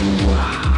Wow.